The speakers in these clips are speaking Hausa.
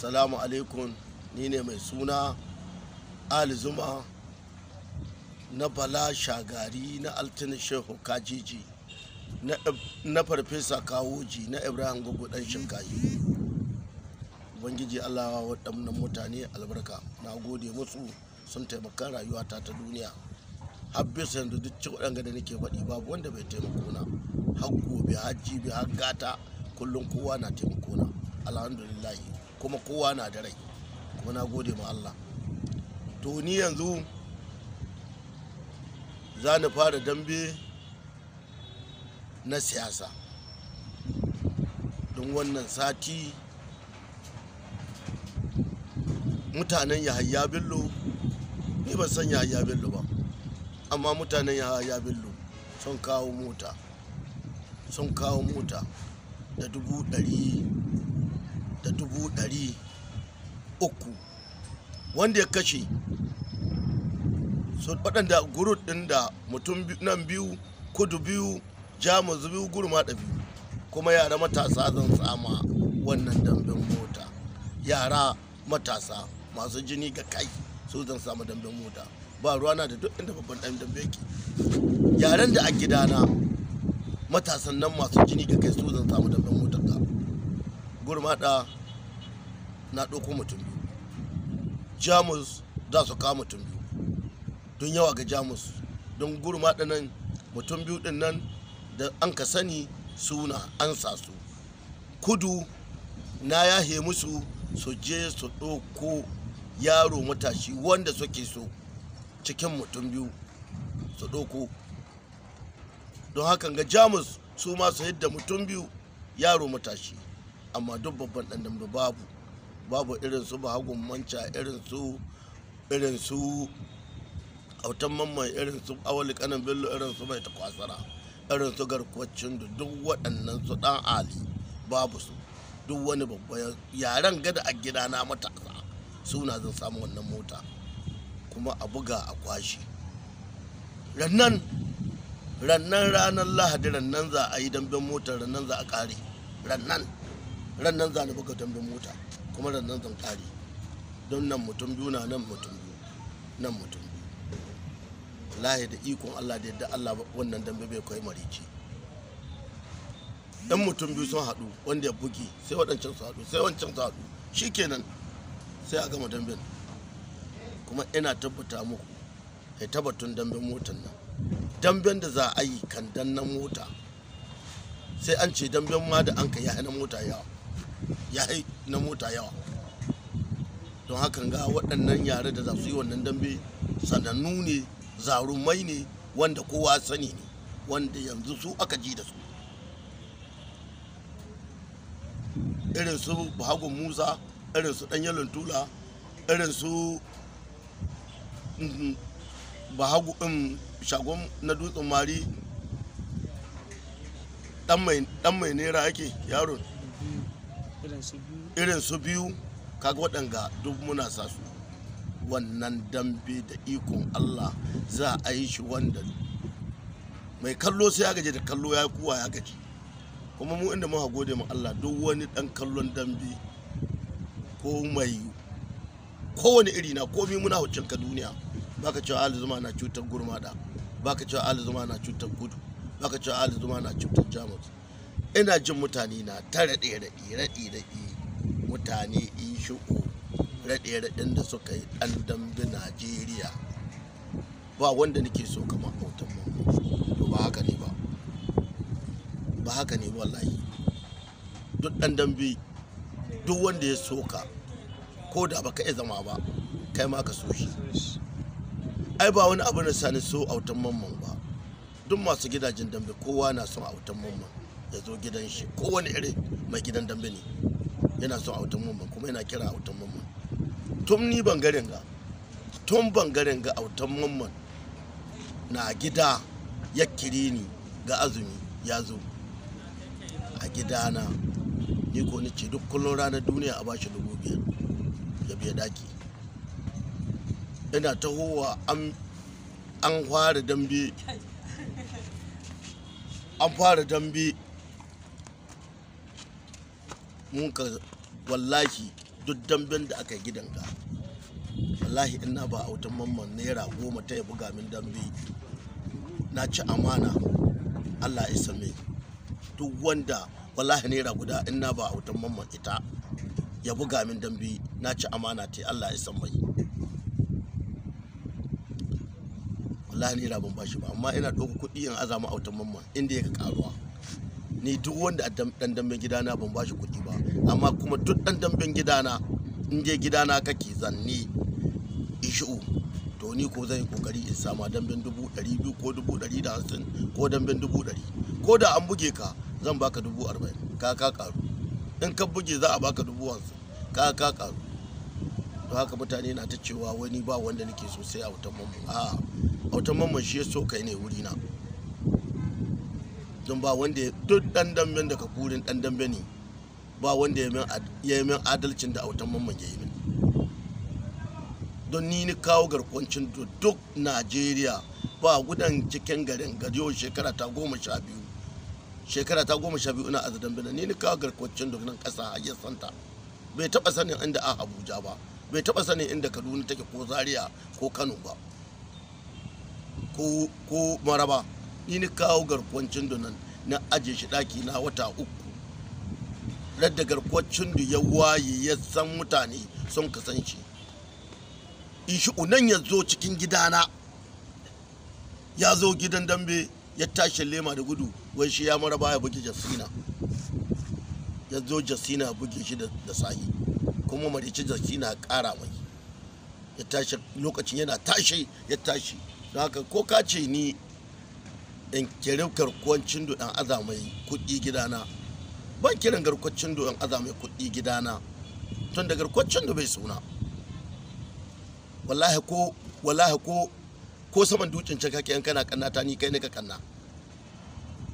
salamu alaikum ni ne mai suna ali zuma na bala shagari na altin shehu kajiji na farfesa kawoji na ibrahim gugu dan shinkayi ubangiji allah waɗannan mutane albarka na gode musu sun taimaka rayuwata ta duniya habbe bisa yanzu duk ci waɗanda da nake faɗi babu wanda bai taimako na har gobe har jibi har gata kullum kowa na taimako na alhamdulillahi kuma kowa na da rai kuma na gode ma Allah to ni yanzu za ni fara dambe na siyasa don wannan sati mutanen yahaya bello ni ban san yahaya bello ba amma mutanen yahaya bello sun kawo mota sun kawo mota da dubu da dubu ɗari uku wanda ya kashe so waɗanda gurut ɗin da mutum nan biyu kudu biyu jamus biyu guru da biyu kuma yara matasa zan sama wannan dambin mota yara matasa masu jini ga kai su zan samu dambin mota ba ruwa na da duk inda babban ɗan dambe yake yaren da a gidana matasan nan masu jini ga kai su zan gurmada na ɗauko mutum biyu jamus za su kawo mutum biyu don yawa ga jamus don gurmada nan mutum biyu din nan da an ka sani suna an sa su kudu na yahe musu su je su ɗauko yaro matashi wanda suke so cikin mutum biyu su ɗauko don hakan ga jamus su ma su yadda mutum biyu yaro matashi amma duk babban ɗan babu babu irin su bahagun manca irin su irin su autan mamman irin su awali kanan bello irin su mai ta kwasara irin su garkwacin da duk waɗannan su ɗan ali babu su duk wani babban yaren gada a gidana matasa suna zan samu wannan mota kuma a buga a kwashi rannan rannan ranar lahadi rannan za a yi dambe motar rannan za a kare rannan ran nan za ni buga tambin mota kuma ran nan zan kare don nan mutum biyu na nan mutum biyu nan mutum biyu lahi da ikon Allah da yadda Allah wannan dambe bai kai marici dan mutum biyu sun haɗu wanda ya bugi sai waɗancan su haɗu sai wancan su haɗu shi kenan sai a gama damben kuma ina tabbata muku ya tabbatun damben motan nan damben da za a yi kan dannan mota sai an ce damben ma da an ka yi na mota yawa ya yi na mota yawa don hakan ga waɗannan yare da za su yi wannan dambe sanannu ne zarumai ne wanda kowa sani ne wanda yanzu su aka ji da su irin su buhagun musa irin su ɗanyalin tula irin su mm, bahagu mm, shagon na dutsen mari ɗan mai naira ake yaro irin su biyu kaga waɗanga duk muna sa su wannan dambe da ikon Allah za a yi shi wanda mai kallo sai ya gaji da kallo ya kuwa ya gaji kuma mu inda muka gode ma Allah duk wani ɗan kallon dambe ko mai kowane iri na komi muna hucin ka duniya baka cewa ali zuma na cutar gurmada baka cewa ali zuma na cutar gudu baka cewa ali zuma na cutar jamus ina jin mutane na ta raɗe raɗe raɗe-raɗe mutane in shigo raɗe raɗin da suka yi ɗan dambe najeriya ba wanda nake so kama autan mu to ba haka ne ba ba haka ne wallahi duk ɗan dambe duk wanda ya soka ko da ba ka zama ba kai ma ka so shi ai ba wani abu na sani so autan mamman ba duk masu gidajen dambe kowa na son autan mamman ya zo gidan shi kowane iri mai gidan dambe ne yana son autan mamman kuma yana kira autan mamman tun ni bangaren ga tun bangaren ga autan mamman na gida ya kire ni ga azumi ya zo a gidana ni ko ni ce duk kullum ranar duniya a bashi dubu biyar ya biya daki ina tahowa an fara dambe an fara dambe mun ka wallahi duk damben da aka gidanka wallahi ina ba autan mamman naira goma ta ya buga min dambe na ci amana allah ya same duk wanda wallahi naira guda ina ba autan mamman ita ya buga min dambe na ci amana ta allah ya same wallahi naira ban bashi ba amma ina ɗauka kuɗi in azama autan mamman inda ya ka karuwa ni duk wanda dan damben gidana ban bashi kuɗi ba amma kuma duk dan damben gidana in je gidana kake zanni ishu to ni ko zan yi kokari in sama damben dubu ɗari biyu ko dubu ɗari da hamsin ko damben dubu ɗari ko da an buge ka zan baka dubu arba'in ka ka karu in ka buge za a baka dubu hamsin ka ka karu to haka mutane na ta cewa wani ba wanda nake so sai a wutan mamman a wutan mamman shi ya so kai ne wurina don ba wanda duk dan damben da kafurin dan dambe ne ba wanda ya yi min adalcin da autan mamman ya yi min don ni ni kawo garkwancin duk najeriya ba gudan cikin garin gajiyo shekara ta goma sha biyu shekara ta goma sha biyu ina azu bina ni ni kawo garkwancin duk nan kasa a yi santa bai taba sanin inda a abuja ba bai taba sanin inda kaduna take ko zaria ko kano ba ko maraba ni ni kawo garkuwan cindu nan na ajiye shi daki na wata uku radda garkuwar cindu ya waye ya san mutane sun kasan shi u'nan ya zo cikin gidana ya zo gidan dambe ya tashi lema da gudu wai shi ya mara baya buge jasina ya zo jasina buge shi da sahi kuma marici jasina kara mai ya tashi lokacin yana tashi ya tashi don haka ko ka ce ni in kere garkuwar cindo in aza mai kuɗi gidana ban kiran garkuwar cindo in aza mai kuɗi gidana tun da garkuwan cindo bai suna wallahi ko wallahi ko ko saman dukin can kake yan kana kanna ta ni kai ne ka kanna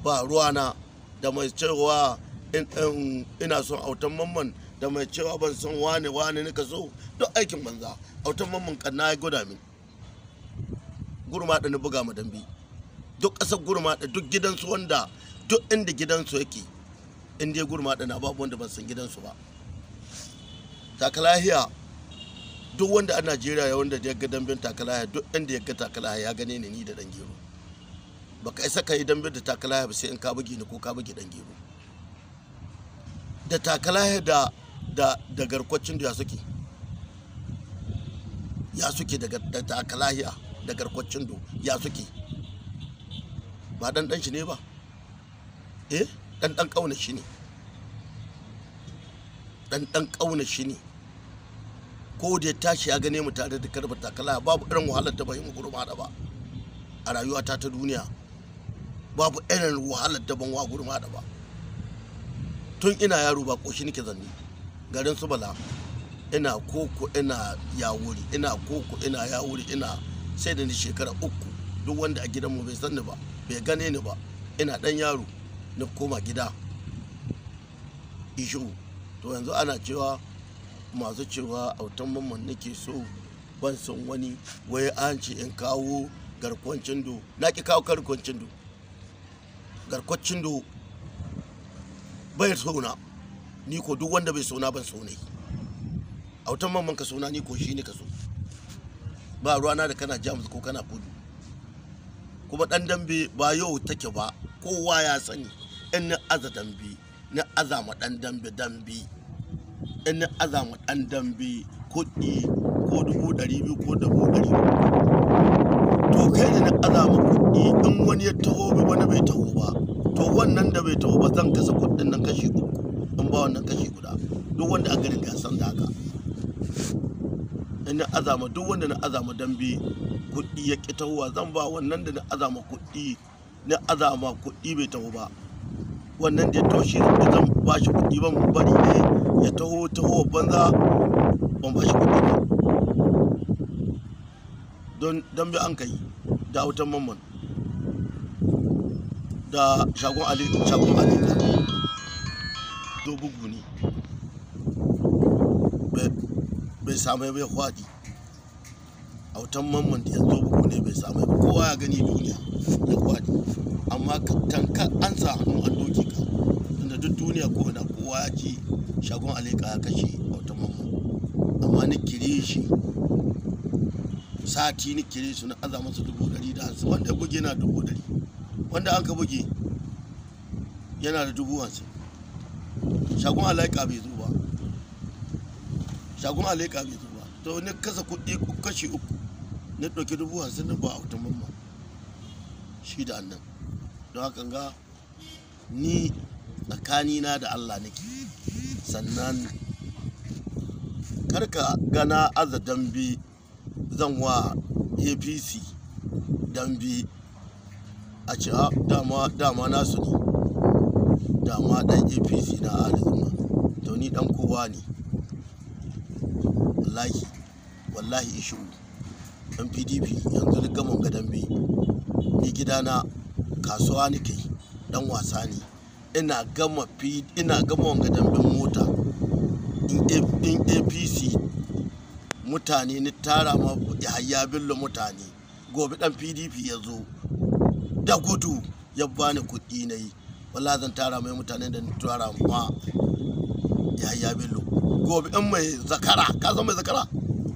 ba na da mai cewa ina son autan mamman da mai cewa ban son wane wane nika so don aikin banza autan mamman kanna ya gwada min gurma da ni buga mu dambi duk ƙasar gurma da duk gidansu wanda duk inda gidansu yake in dai gurma da na babu wanda ban san gidansu ba takalahiya duk wanda a najeriya ya wanda ya ga dambin takalahiya duk inda ya ga takalahiya ya gane ni da dan gero ka isa ka yi dambin da takalahiya ba sai in ka bugi ni ko ka bugi dan gero da takalahiya da da da garkwacin da ya suke ya suke da takalahiya da garkwacin da ya suke ba dan dan shi ne ba eh dan dan kauna shi ne dan dan kauna shi ne ko da ya tashi ya gane mu tare da karba takala babu irin wahalar da bai mu gurma da ba a rayuwata ta duniya babu irin wahalar da ban wa gurma da ba tun ina yaro ba koshi nake zanni garin su bala ina koko ina yawuri ina koko ina yawuri ina sai da ni shekara uku duk wanda a gidanmu bai sanni ba bai gane ni ba ina ɗan yaro na koma gida ishu to yanzu ana cewa masu cewa autan mamman nake so ban son wani wai an ce in kawo garkuwan cindo na ki kawo garkuwan cindo garkuwan cindo bai sona ni ko duk wanda bai sona ban so ne autan mamman ka sona ni ko shi ne ka so ba ruwana da kana jamus ko kana kudu kuma ɗan dambe ba yau take ba kowa ya sani in aza dambe na aza ma dan dambe dambe in aza ma dan dambe kuɗi ko dubu ɗari biyu ko dubu ɗari to kai ne na aza ma kuɗi in wani ya taho bi wani bai taho ba to wannan da bai taho ba zan kasa kuɗin nan kashi uku in ba wannan kashi guda duk wanda aka riga san da haka in na azama duk wanda na azama dambe kuɗi ya ƙi tahowa zan ba wannan da na azama kuɗi na azama kuɗi bai taho ba wannan da ya taho shi zan ba shi kuɗi ban bari ne ya taho taho banza ban ba shi kuɗi ba don dambe an kai da autan mamman da shagon ali shagon ali dogugu ne bai samu bai a wutan mamman ya zo buku ne bai samu ba kowa ya gani duniya ya kwadi amma tanka an sa hannu an doki ka inda duk duniya ko na kowa ya ce shagon aleka ya kashe a wutan mamman amma ni kire shi sati ni kire shi na aza masa dubu dari da hansu wanda ya buge na dubu dari wanda aka buge yana da dubu hansu shagon alaika bai zo ba shagon alika bai zuwa to ni kasa kuɗi kashi uku na ɗauki dubu hamsin na ba a wata mamma shi da annan don haka ga ni tsakanina da allah nake sannan karka gana aza dambi zan wa apc dambi a ce ah, dama dama nasu ne dama dan apc na arzuma to ni dan kowa ne wallahi wallahi ishu ɗan pdp yanzu gadon bi ni gidana kasuwa nake ɗan wasa ne ina gama ina gama bin mota in apc mutane ni tara ma hayya billo mutane gobe dan pdp ya da gudu ya bani kuɗi na yi wala zan tara mai mutane da tara ma ya hayya billo gobe in mai zakara ka zama mai zakara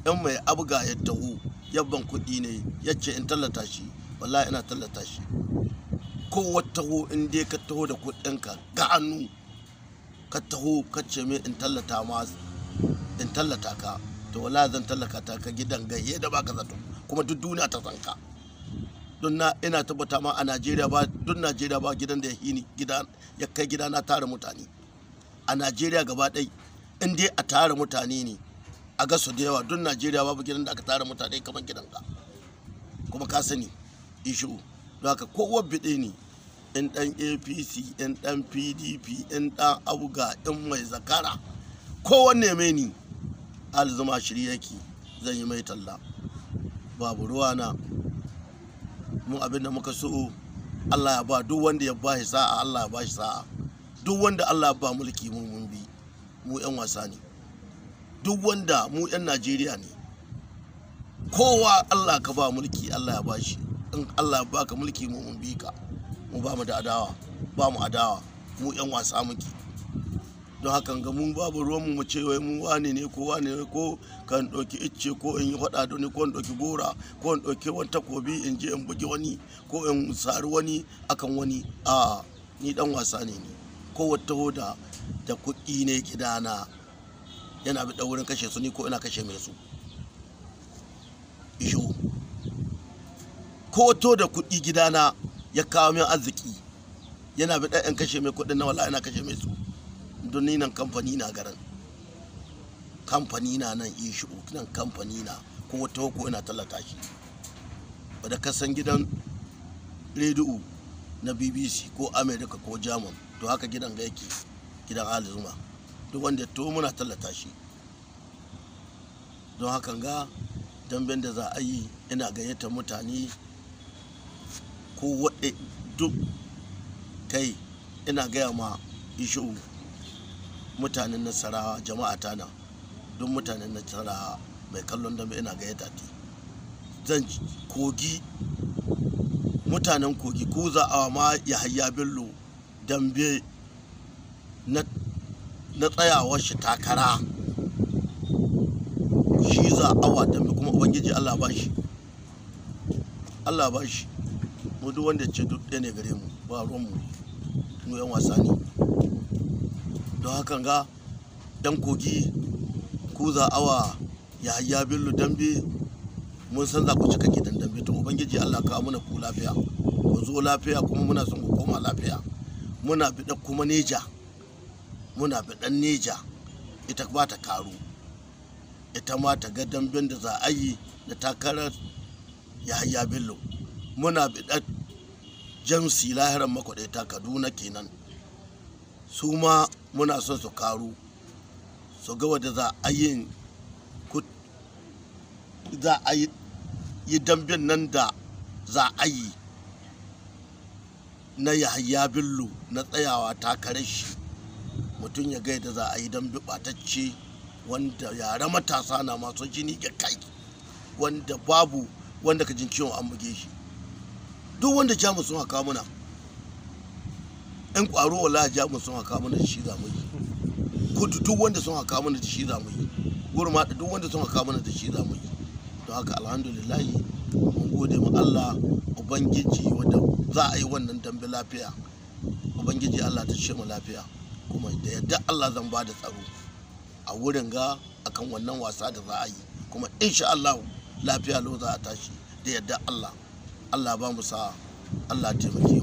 in mai abuga ya taho yabban kuɗi ne ya ce in tallata shi wallahi ina tallata shi kowa taho in dai ka taho da kuɗinka ga hannu ka taho ka ce mai in tallata ma in tallata ka to wallahi zan tallaka ta ka gidan gayye da baka zato kuma duk duniya ta san ka don na ina tabbata ma a Najeriya ba duk Najeriya ba gidan da ya hini gidan ya kai gidana tare mutane a Najeriya gaba ɗaya in dai a tara mutane ne a gasu da yawa don najeriya babu gidan da aka tara mutane kamar gidanka kuma ka sani ishu don haka kowa biɗe ne in ɗan apc in ɗan pdp in ɗan abuga in mai zakara kowanne mai ni alzuma shirya yake zan yi mai talla babu ruwa na mu abinda muka so Allah ya ba duk wanda ya ba shi sa'a Allah ya ba shi sa'a duk wanda Allah ya ba mulki mu mun bi mu 'yan wasa ne duk wanda mu 'yan najeriya ne kowa allah ka ba mulki allah ya bashi in allah ya baka mulki mu mun bi ka mu ba mu da adawa ba mu adawa mu 'yan wasa muke don hakan ga mun babu ruwan mu ce wai mu wane ne ko wane ne ko kan ɗauki icce ko in yi faɗa da ko in ɗauki gora ko in ɗauki wani takobi in je in bugi wani ko in sari wani akan wani a ni dan wasa ne ni kowace taho da da kuɗi ne gidana yana bi wurin kashe su ni ko ina kashe mai su isho ko to da kuɗi gidana ya kawo min arziki yana bi ɗan kashe mai kuɗin na wala ina kashe mai su don ni nan kamfani na garin kamfani na nan isho nan kamfani na ko wata ko ina tallata shi ba da kasan gidan rediyo na bbc ko america ko german to haka gidan ga yake gidan alizuma duk wanda to muna tallata shi don hakan ga damben da za a yi ina gayyata mutane ko waɗe duk kai ina gaya ma ishu mutanen nasarawa jama'a ta na duk mutanen nasarawa mai kallon dambe ina gayyata ti zan kogi mutanen kogi ko za a ma ya hayya bello dambe na tsayawar shi takara shi za awa dambe kuma ubangiji allah ba shi allah ba shi mu duk wanda ce duk ɗaya ne gare mu ba ruwan mu yan wasa ne don hakan ga ɗan kogi ku za awa yahaya bello dambe mun san za ku cika gidan dambe to ubangiji allah ka muna ku lafiya ku zo lafiya kuma muna son ku koma lafiya muna biɗa kuma neja muna biɗan neja ita ba ta karu ita ma ta ga dambin da za a yi da takarar yahaya bello muna biɗa jamsi ta kaduna kenan su ma muna son su karu su ga wadda za a yi za yi dambin nan da za a yi na yahaya billu na tsayawa takarar shi mutum ya gaida za a yi don bibatacce wanda yara matasa na masu jini ya kai wanda babu wanda ka jin ciwon an buge shi duk wanda jamus sun haka muna yan kwaro wala jamus sun haka muna da shi za mu yi kudu duk wanda sun haka muna da shi za mu yi gurma duk wanda sun haka muna da shi za mu yi don haka alhamdulillah mun gode ma Allah ubangiji wanda za a yi wannan dambe lafiya ubangiji allah ta ce mu lafiya kuma da yadda allah zan ba da tsaro a wurin ga akan wannan wasa da za a yi kuma insha allah lafiya lo za a tashi da yadda allah allah ba mu sa allah taimake